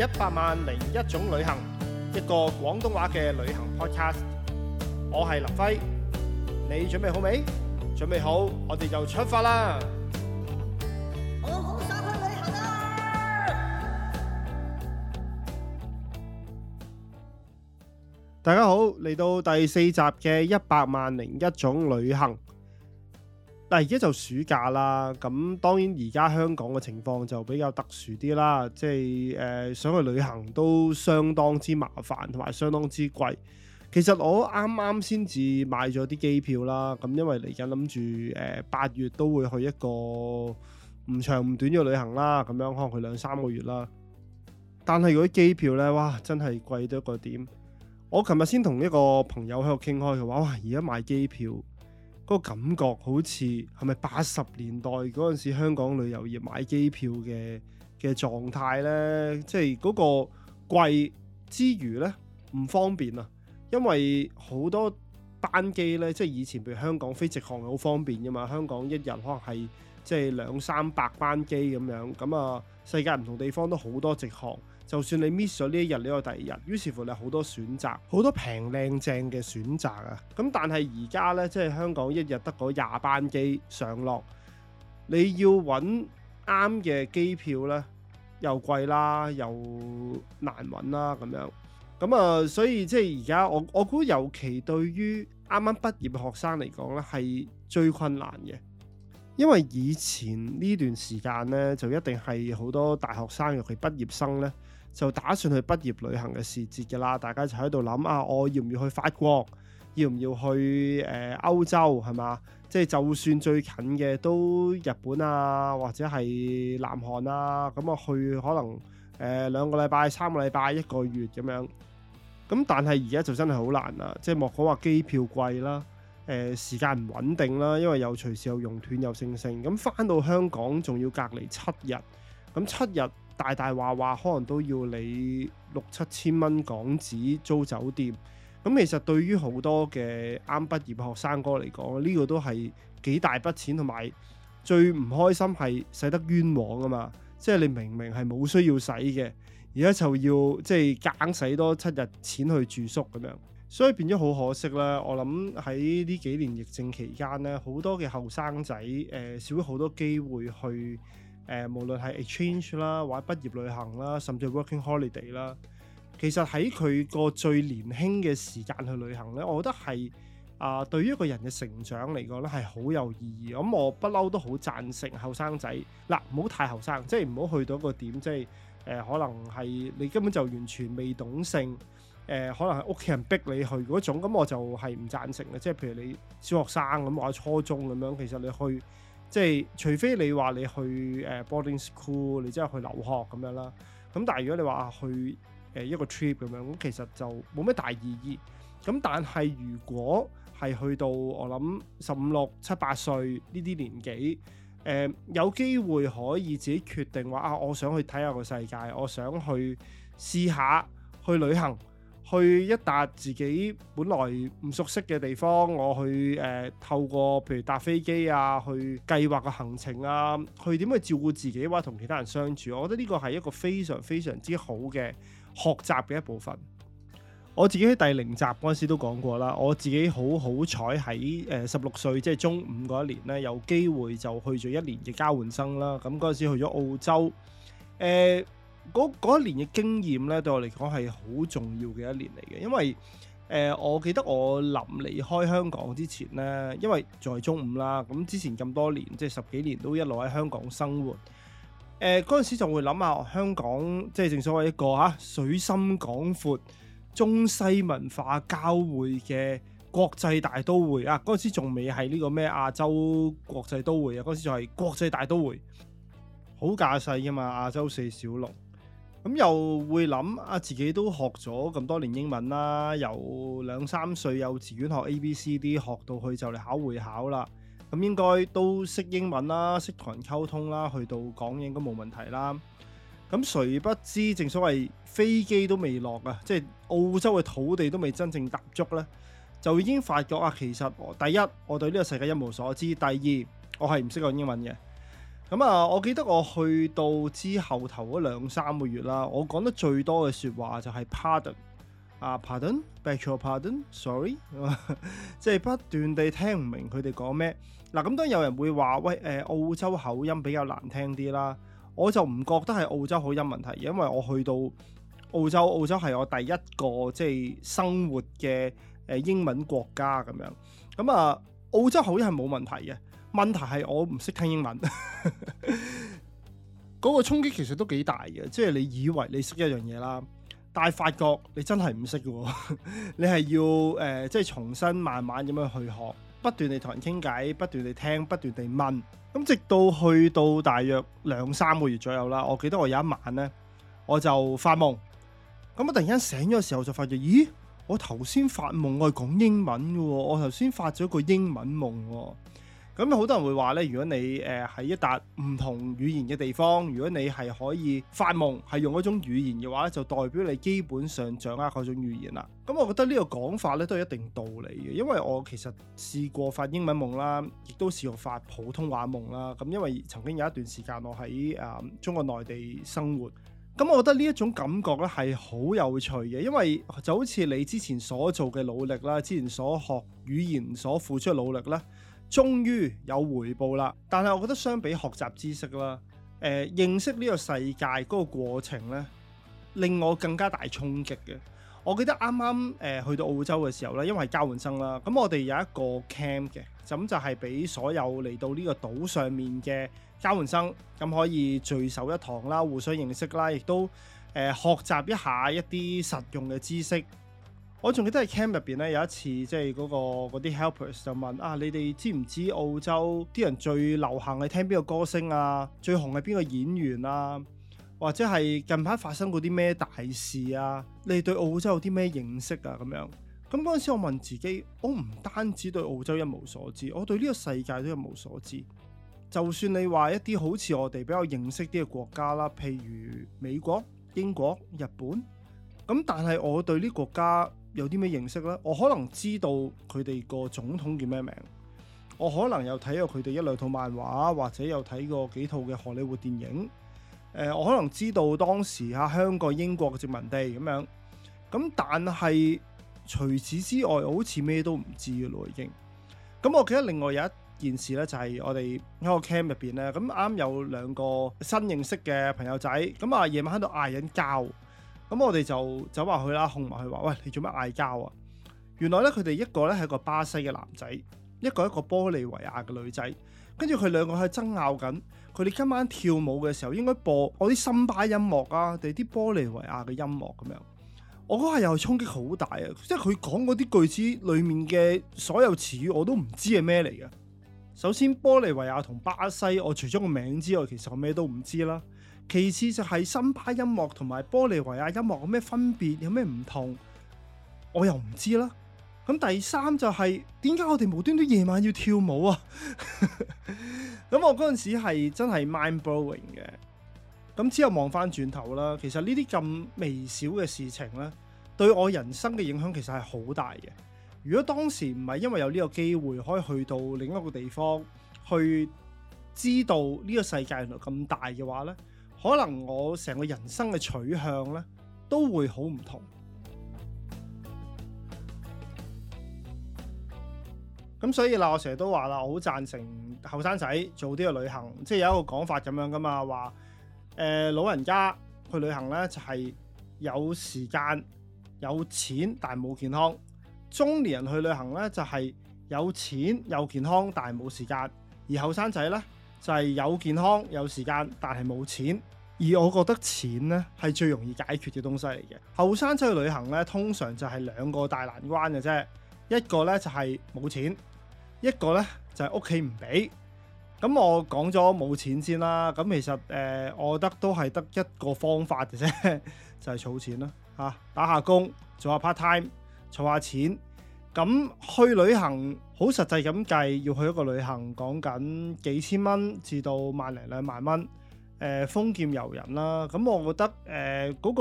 一百萬零一種旅行，一個廣東話嘅旅行 Podcast。我係林輝，你準備好未？準備好，我哋就出發啦！我好想去旅行啊！大家好，嚟到第四集嘅一百萬零一種旅行。但而家就暑假啦，咁當然而家香港嘅情況就比較特殊啲啦，即係誒想去旅行都相當之麻煩，同埋相當之貴。其實我啱啱先至買咗啲機票啦，咁因為嚟緊諗住誒八月都會去一個唔長唔短嘅旅行啦，咁樣可能去兩三個月啦。但係嗰啲機票呢，哇！真係貴多個點。我琴日先同一個朋友喺度傾開嘅話，哇！而家買機票。嗰個感覺好似係咪八十年代嗰陣時香港旅遊業買機票嘅嘅狀態呢？即係嗰個貴之餘呢，唔方便啊！因為好多班機呢，即係以前譬如香港飛直航好方便㗎嘛，香港一日可能係即係兩三百班機咁樣，咁啊世界唔同地方都好多直航。就算你 miss 咗呢一日，呢個第二日，於是乎你好多選擇，好多平靚正嘅選擇啊！咁但係而家呢，即係香港一日得嗰廿班機上落，你要揾啱嘅機票呢，又貴啦，又難揾啦，咁樣咁啊！所以即係而家我我估尤其對於啱啱畢業嘅學生嚟講呢，係最困難嘅，因為以前呢段時間呢，就一定係好多大學生，尤其畢業生呢。就打算去畢業旅行嘅時節㗎啦，大家就喺度諗啊，我、哦、要唔要去法國，要唔要去誒、呃、歐洲，係嘛？即、就、係、是、就算最近嘅都日本啊，或者係南韓啊，咁、嗯、啊去可能誒、呃、兩個禮拜、三個禮拜、一個月咁樣。咁、嗯、但係而家就真係好難啦、啊，即、就、係、是、莫講話機票貴啦，誒、呃、時間唔穩定啦，因為又隨時又熔斷又升升，咁、嗯、返到香港仲要隔離七日，咁、嗯、七日。大大話話，可能都要你六七千蚊港紙租酒店。咁其實對於好多嘅啱畢業學生哥嚟講，呢個都係幾大筆錢，同埋最唔開心係使得冤枉啊嘛！即係你明明係冇需要使嘅，而家就要即係硬使多七日錢去住宿咁樣，所以變咗好可惜啦。我諗喺呢幾年疫症期間咧，好多嘅後生仔誒少咗好多機會去。誒、呃，無論係 exchange 啦，或者畢業旅行啦，甚至 working holiday 啦，其實喺佢個最年輕嘅時間去旅行呢，我覺得係啊、呃，對於一個人嘅成長嚟講呢係好有意義。咁、嗯、我不嬲都好贊成後生仔，嗱唔好太後生，即係唔好去到一個點，即係誒、呃、可能係你根本就完全未懂性，誒、呃、可能係屋企人逼你去嗰種，咁、嗯、我就係唔贊成嘅。即係譬如你小學生咁，或者初中咁樣，其實你去。即係除非你話你去誒 boarding school，你即係去留學咁樣啦。咁但係如果你話去誒一個 trip 咁樣，咁其實就冇咩大意義。咁但係如果係去到我諗十五六、七八歲呢啲年紀，誒有機會可以自己決定話啊，我想去睇下個世界，我想去試下去旅行。去一笪自己本來唔熟悉嘅地方，我去誒、呃、透過譬如搭飛機啊，去計劃個行程啊，去點去照顧自己或同其他人相處，我覺得呢個係一個非常非常之好嘅學習嘅一部分。 我自己喺第零集嗰陣時都講過啦，我自己好好彩喺誒十六歲即係中五嗰一年咧有機會就去咗一年嘅交換生啦，咁嗰陣時去咗澳洲，誒、呃。嗰嗰一年嘅經驗咧，對我嚟講係好重要嘅一年嚟嘅，因為誒，我記得我臨離開香港之前咧，因為在中五啦，咁之前咁多年，即係十幾年都一路喺香港生活。誒，嗰陣時就會諗下香港，即係正所謂一個嚇水深港闊、中西文化交匯嘅國際大都會啊！嗰陣時仲未係呢個咩亞洲國際都會啊，嗰陣時就係國際大都會，好架勢㗎嘛，亞洲四小龍。咁又會諗啊，自己都學咗咁多年英文啦，由兩三歲幼稚園學 A、B、C、D，學到去就嚟考會考啦。咁應該都識英文啦，識同人溝通啦，去到講應該冇問題啦。咁誰不知正所謂飛機都未落啊，即係澳洲嘅土地都未真正踏足呢，就已經發覺啊，其實我第一，我對呢個世界一無所知，第二我係唔識講英文嘅。咁啊、嗯，我記得我去到之後頭嗰兩三個月啦，我講得最多嘅説話就係、uh, pardon 啊，pardon，back to pardon，sorry，即 係不斷地聽唔明佢哋講咩。嗱、嗯，咁當然有人會話喂，誒、呃、澳洲口音比較難聽啲啦，我就唔覺得係澳洲口音問題，因為我去到澳洲，澳洲係我第一個即係、就是、生活嘅誒英文國家咁樣。咁、嗯、啊、呃，澳洲口音係冇問題嘅。問題係我唔識聽英文， 嗰個衝擊其實都幾大嘅。即係你以為你識一樣嘢啦，但係發覺你真係唔識嘅。 你係要誒，即、呃、係、就是、重新慢慢咁樣去學，不斷地同人傾偈，不斷地聽，不斷地問，咁直到去到大約兩三個月左右啦。我記得我有一晚呢，我就發夢，咁我突然間醒咗嘅時候就發覺，咦，我頭先發夢我係講英文嘅喎，我頭先發咗個英文夢喎。咁好多人會話咧，如果你誒喺一笪唔同語言嘅地方，如果你係可以發夢係用嗰種語言嘅話，就代表你基本上掌握嗰種語言啦。咁、嗯、我覺得個呢個講法咧都係一定道理嘅，因為我其實試過發英文夢啦，亦都試過發普通話夢啦。咁、嗯、因為曾經有一段時間我喺誒、嗯、中國內地生活，咁、嗯、我覺得呢一種感覺咧係好有趣嘅，因為就好似你之前所做嘅努力啦，之前所學語言所付出嘅努力啦。終於有回報啦！但係我覺得相比學習知識啦，誒、呃、認識呢個世界嗰個過程咧，令我更加大衝擊嘅。我記得啱啱誒去到澳洲嘅時候咧，因為係交換生啦，咁我哋有一個 camp 嘅，咁就係、是、俾所有嚟到呢個島上面嘅交換生，咁可以聚首一堂啦，互相認識啦，亦都誒、呃、學習一下一啲實用嘅知識。我仲記得喺 camp 入邊咧，有一次即係嗰、嗰個嗰啲 helpers 就問啊，你哋知唔知澳洲啲人最流行係聽邊個歌星啊？最紅係邊個演員啊？或者係近排發生過啲咩大事啊？你對澳洲有啲咩認識啊？咁樣咁嗰陣時，我問自己，我唔單止對澳洲一無所知，我對呢個世界都一無所知。就算你話一啲好似我哋比較認識啲嘅國家啦，譬如美國、英國、日本，咁但係我對呢國家有啲咩認識呢？我可能知道佢哋個總統叫咩名，我可能有睇過佢哋一兩套漫畫，或者有睇過幾套嘅荷里活電影。誒、呃，我可能知道當時嚇香港英國嘅殖民地咁樣。咁但係除此之外，好似咩都唔知嘅咯，已經。咁、嗯、我記得另外有一件事呢，就係、是、我哋喺個 camp 入邊呢，咁、嗯、啱有兩個新認識嘅朋友仔，咁啊夜晚喺度嗌緊交。咁我哋就走埋去啦，控埋佢話：喂，你做咩嗌交啊？原來咧，佢哋一個咧係個巴西嘅男仔，一個一個玻利維亞嘅女仔，跟住佢兩個喺爭拗緊。佢哋今晚跳舞嘅時候應該播我啲森巴音樂啊，定啲玻利維亞嘅音樂咁樣。我嗰下又係衝擊好大啊！即係佢講嗰啲句子裡面嘅所有詞語，我都唔知係咩嚟嘅。首先，玻利維亞同巴西，我除咗個名之外，其實我咩都唔知啦。其次就係森巴音樂同埋玻利維亞音樂有咩分別，有咩唔同，我又唔知啦。咁第三就係點解我哋無端端夜晚要跳舞啊？咁 我嗰陣時係真係 mind blowing 嘅。咁之後望翻轉頭啦，其實呢啲咁微小嘅事情咧，對我人生嘅影響其實係好大嘅。如果當時唔係因為有呢個機會可以去到另一個地方，去知道呢個世界原來咁大嘅話咧。可能我成個人生嘅取向咧，都會好唔同。咁所以嗱，我成日都話啦，我好贊成後生仔做啲嘅旅行，即係有一個講法咁樣㗎嘛，話誒、呃、老人家去旅行呢，就係、是、有時間有錢，但係冇健康；中年人去旅行呢，就係、是、有錢有健康，但係冇時間；而後生仔呢？就係有健康有時間，但係冇錢。而我覺得錢呢係最容易解決嘅東西嚟嘅。後生出去旅行呢，通常就係兩個大難關嘅啫。一個呢就係、是、冇錢，一個呢就係屋企唔俾。咁我講咗冇錢先啦。咁其實誒、呃，我覺得都係得一個方法嘅啫， 就係儲錢啦。嚇、啊，打下工，做下 part time，儲下錢。咁去旅行，好實際咁計，要去一個旅行，講緊幾千蚊至到萬零兩萬蚊，誒、呃、風劍遊人啦。咁、嗯、我覺得誒嗰、呃那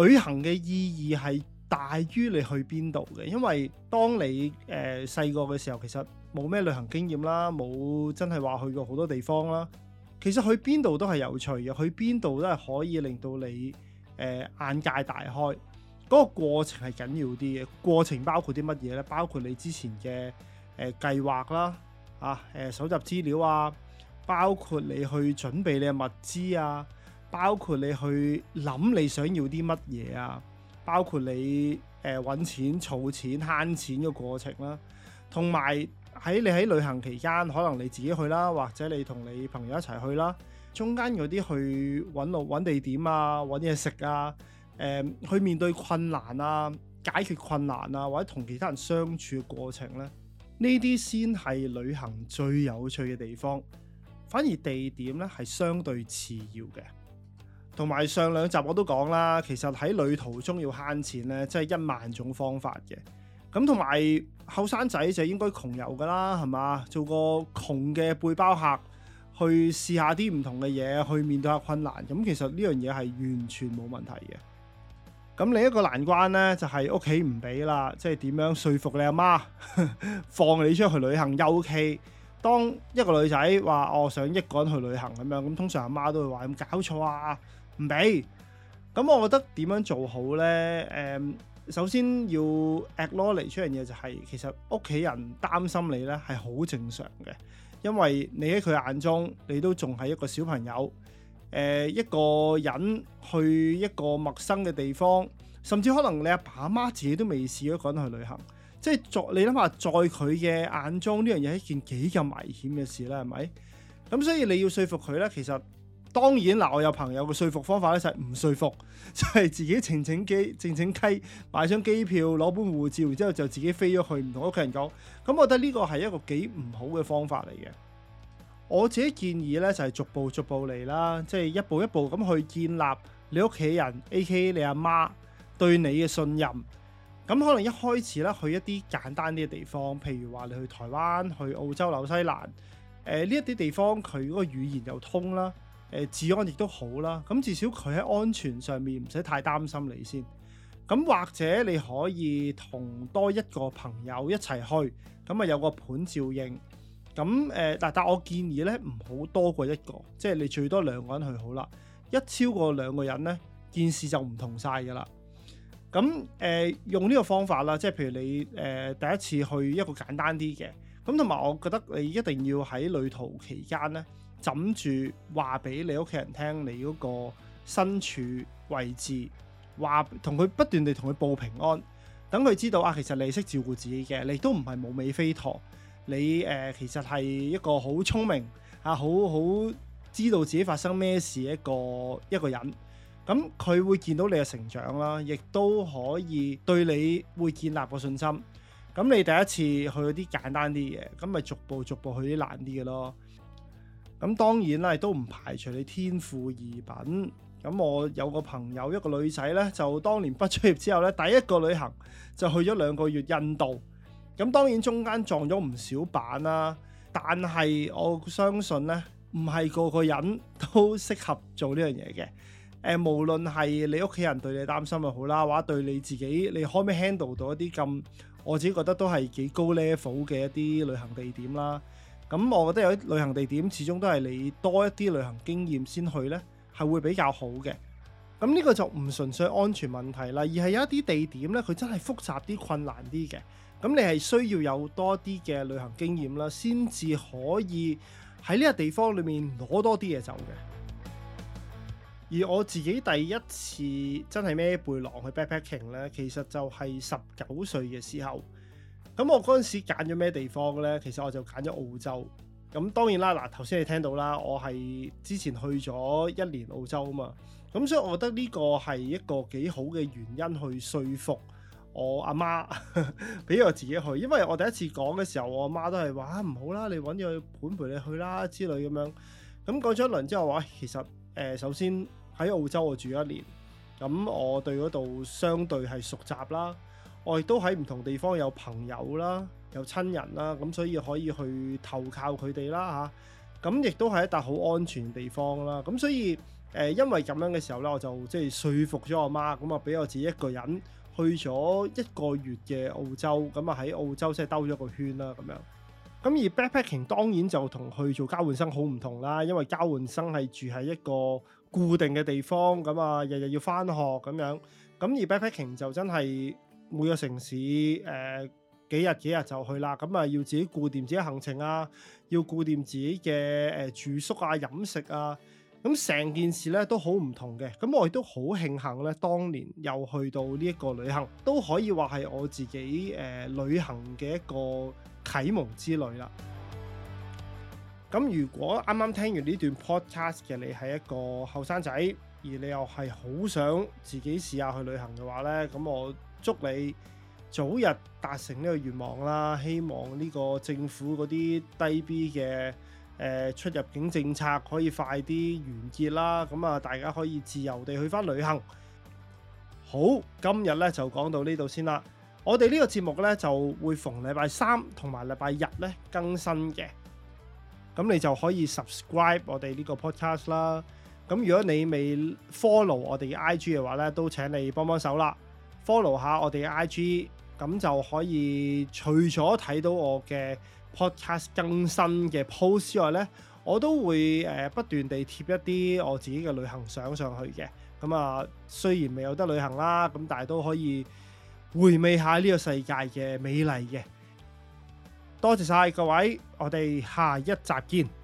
個旅行嘅意義係大於你去邊度嘅，因為當你誒細個嘅時候，其實冇咩旅行經驗啦，冇真係話去過好多地方啦。其實去邊度都係有趣嘅，去邊度都係可以令到你誒、呃、眼界大開。嗰個過程係緊要啲嘅，過程包括啲乜嘢呢？包括你之前嘅誒計劃啦，啊誒、呃、搜集資料啊，包括你去準備你嘅物資啊，包括你去諗你想要啲乜嘢啊，包括你呃、揾錢、儲錢、慳錢嘅過程啦、啊，同埋喺你喺旅行期間，可能你自己去啦，或者你同你朋友一齊去啦，中間有啲去揾路、揾地點啊、揾嘢食啊。誒、嗯，去面對困難啊，解決困難啊，或者同其他人相處嘅過程咧，呢啲先係旅行最有趣嘅地方。反而地點咧係相對次要嘅。同埋上兩集我都講啦，其實喺旅途中要慳錢咧，即係一萬種方法嘅。咁同埋後生仔就應該窮遊噶啦，係嘛？做個窮嘅背包客去試下啲唔同嘅嘢，去面對下困難。咁其實呢樣嘢係完全冇問題嘅。咁另一個難關咧，就係屋企唔俾啦，即係點樣説服你阿媽放你出去旅行？尤其當一個女仔話我想一個人去旅行咁樣，咁通常阿媽都會話：，咁搞錯啊，唔俾。咁我覺得點樣做好咧？誒，首先要 acknowledge 出樣嘢就係，其實屋企人擔心你咧係好正常嘅，因為你喺佢眼中你都仲係一個小朋友，誒一個人去一個陌生嘅地方，甚至可能你阿爸阿媽自己都未試過一個人去旅行，即係在你諗下，在佢嘅眼中呢樣嘢係一件幾咁危險嘅事啦，係咪？咁所以你要說服佢呢，其實當然嗱，我有朋友嘅說服方法呢，就係唔說服，就係、是、自己靜靜雞、靜靜雞買張機票，攞本護照，然之後就自己飛咗去，唔同屋企人講。咁我覺得呢個係一個幾唔好嘅方法嚟嘅。我自己建議咧就係逐步逐步嚟啦，即係，一步一步咁去建立你屋企人 AKA 你阿媽對你嘅信任。咁可能一開始咧去一啲簡單啲嘅地方，譬如話你去台灣、去澳洲、紐西蘭，誒呢一啲地方佢嗰個語言又通啦，誒、呃、治安亦都好啦，咁至少佢喺安全上面唔使太擔心你先。咁或者你可以同多一個朋友一齊去，咁啊有個伴照應。咁誒，但但我建議咧，唔好多過一個，即係你最多兩個人去好啦。一超過兩個人呢，件事就唔同晒㗎啦。咁誒、呃，用呢個方法啦，即係譬如你誒、呃、第一次去一個簡單啲嘅，咁同埋我覺得你一定要喺旅途期間呢，枕住話俾你屋企人聽你嗰個身處位置，話同佢不斷地同佢報平安，等佢知道啊，其實你識照顧自己嘅，你都唔係冇尾飛陀。你誒其實係一個好聰明嚇，好好知道自己發生咩事一個一個人，咁佢會見到你嘅成長啦，亦都可以對你會建立個信心。咁你第一次去啲簡單啲嘅，咁咪逐步逐步去啲難啲嘅咯。咁當然啦，都唔排除你天賦異稟。咁我有個朋友一個女仔呢，就當年畢咗業之後呢，第一個旅行就去咗兩個月印度。咁當然中間撞咗唔少板啦，啊，但係我相信呢，唔係個個人都適合做呢樣嘢嘅。誒、呃，無論係你屋企人對你擔心又好啦，或者對你自己，你可唔可以 handle 到一啲咁？我自己覺得都係幾高 level 嘅一啲旅行地點啦。咁我覺得有啲旅行地點，始終都係你多一啲旅行經驗先去呢，係會比較好嘅。咁呢個就唔純粹安全問題啦，而係有一啲地點呢，佢真係複雜啲、困難啲嘅。咁你係需要有多啲嘅旅行經驗啦，先至可以喺呢個地方裏面攞多啲嘢走嘅。而我自己第一次真係孭背，背囊去 backpacking 咧，其實就係十九歲嘅時候。咁我嗰陣時揀咗咩地方咧？其實我就揀咗澳洲。咁當然啦，嗱頭先你聽到啦，我係之前去咗一年澳洲啊嘛。咁所以我覺得呢個係一個幾好嘅原因去說服。我阿媽俾 我自己去，因為我第一次講嘅時候，我阿媽都係話唔好啦，你揾個伴陪你去啦之類咁樣。咁講咗一輪之後話，其實誒、呃、首先喺、呃、澳洲我住一年，咁我對嗰度相對係熟習啦。我亦都喺唔同地方有朋友啦，有親人啦，咁所以可以去投靠佢哋啦吓咁、啊、亦都係一笪好安全地方啦。咁所以誒、呃，因為咁樣嘅時候呢，我就即係說服咗我媽，咁啊俾我自己一個人。去咗一個月嘅澳洲，咁啊喺澳洲即係兜咗一個圈啦咁樣。咁而 backpacking 當然就同去做交換生好唔同啦，因為交換生係住喺一個固定嘅地方，咁啊日日要返學咁樣。咁而 backpacking 就真係每個城市誒幾日幾日就去啦，咁啊要自己顧掂自己行程啊，要顧掂自己嘅誒住宿啊、飲食啊。咁成件事咧都好唔同嘅，咁我亦都好慶幸咧，當年又去到呢一個旅行，都可以話係我自己誒、呃、旅行嘅一個啟蒙之旅啦。咁如果啱啱聽完呢段 podcast 嘅你係一個後生仔，而你又係好想自己試下去旅行嘅話咧，咁我祝你早日達成呢個願望啦！希望呢個政府嗰啲低 B 嘅出入境政策可以快啲完結啦，咁啊大家可以自由地去返旅行。好，今日呢就講到呢度先啦。我哋呢個節目呢，就會逢禮拜三同埋禮拜日呢更新嘅，咁你就可以 subscribe 我哋呢個 podcast 啦。咁如果你未 follow 我哋嘅 IG 嘅話呢，都請你幫幫手啦，follow 下我哋嘅 IG，咁就可以除咗睇到我嘅。Podcast 更新嘅 post 之外呢，我都會誒不斷地貼一啲我自己嘅旅行相上去嘅。咁、嗯、啊，雖然未有得旅行啦，咁但係都可以回味下呢個世界嘅美麗嘅。多謝晒各位，我哋下一集見。